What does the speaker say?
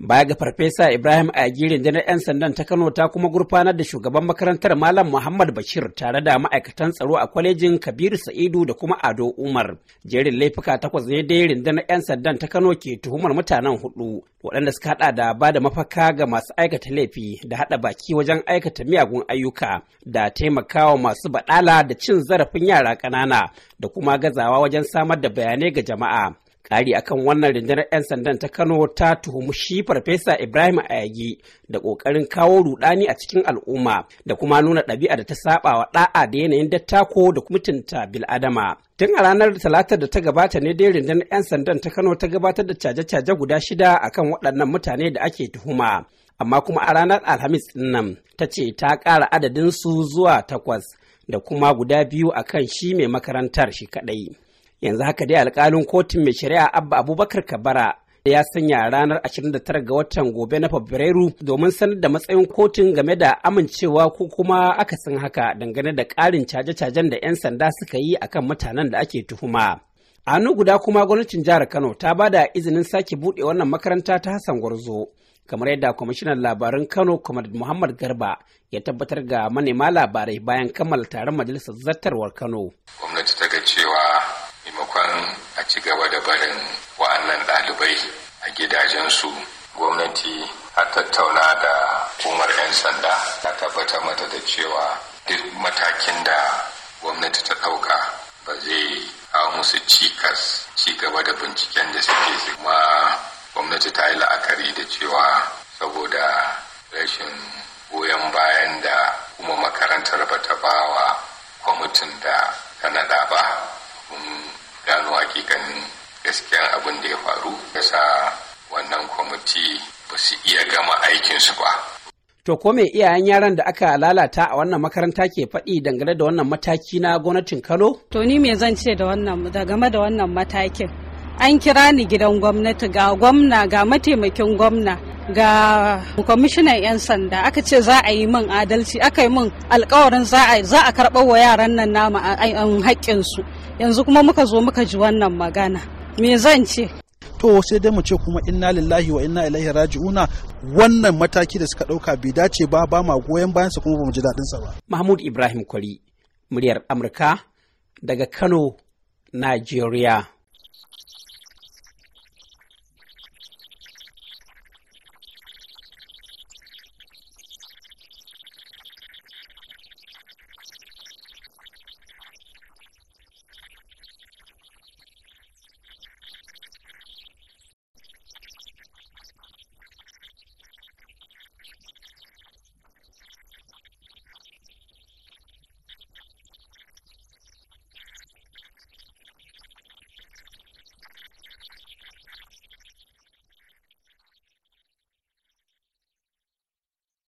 Baya ga Farfesa Ibrahim Agirin janar 'yan sandan ta Kano ta kuma gurfanar da shugaban makarantar Malam Muhammad Bashir tare da ma'aikatan tsaro a kwalejin Kabiru Sa'idu da kuma Ado Umar. Jerin laifuka takwas ne dai rundunar 'yan sandan ta Kano ke tuhumar mutanen hudu waɗanda suka haɗa da ba da mafaka ga masu aikata laifi da haɗa baki wajen aikata miyagun ayyuka da taimakawa masu baɗala da cin zarafin yara ƙanana da kuma gazawa wajen samar da bayanai ga jama'a. Ƙari akan wannan rundunar 'yan sandan ta Kano ta tuhumi shi Farfesa Ibrahim Ayagi da ƙoƙarin kawo rudani a cikin al'umma da kuma nuna ɗabi'a da ta saba wa ɗa'a da yanayin dattako da mutunta bil'adama. Tun a ranar talatar da ta gabata ne dai rundunar 'yan sandan ta Kano ta gabatar da caje-caje guda shida akan waɗannan mutane da ake tuhuma. Amma kuma a ranar Alhamis ɗinnan, nan ta ce ta ƙara adadin su zuwa takwas da kuma guda biyu akan shi mai makarantar shi kaɗai. yanzu haka dai alkalin kotun mai shari'a abba abubakar kabara ya sanya ranar 29 ga watan gobe na fabrairu domin sanar da matsayin kotun game da amincewa ko kuma akasin haka dangane da karin caje-cajen da 'yan sanda suka yi akan mutanen da ake tuhuma a hannu guda kuma gwamnatin jihar kano ta ba da izinin sake buɗe wannan makaranta ta hassan gwarzo kamar yadda kwamishinan labarin kano kamar muhammad garba ya tabbatar ga manema labarai bayan kammala taron majalisar zartarwar kano gwamnati ta ga cewa ci gaba da barin wa'annan ɗalibai a gidajensu gwamnati a tattauna da hukumar 'yan sanda ta tabbata mata da cewa duk matakin da gwamnati ta ɗauka ba zai kawo musu cikas ci gaba da binciken da suke kuma gwamnati ta yi la'akari da cewa saboda rashin goyon bayan da kuma makarantar ba ta ba wa kwamitin da ta naɗa ba hakikanin gaskiyan abin da ya faru yasa wannan kwamiti ba su iya gama aikinsu ba. To ko me iyayen yaran da aka lalata a wannan makaranta ke faɗi dangane da wannan mataki na gwamnatin Kano? To ni me zan ce da wannan da game da wannan matakin? An kira ni gidan gwamnati ga gwamna ga mataimakin gwamna ga kwamishinan 'yan sanda aka ce za a yi min adalci aka yi min alkawarin za a karɓar wa yaran nan nama su. yanzu kuma muka zo muka ji wannan magana me zan ce to sai dai mu ce kuma inna lillahi wa inna ilaihi raji'una wannan mataki da suka ɗauka bai dace ba ba ma goyon bayan su kuma ba mu ji dadin sa ba mahmud ibrahim kwari muryar amurka daga kano nigeria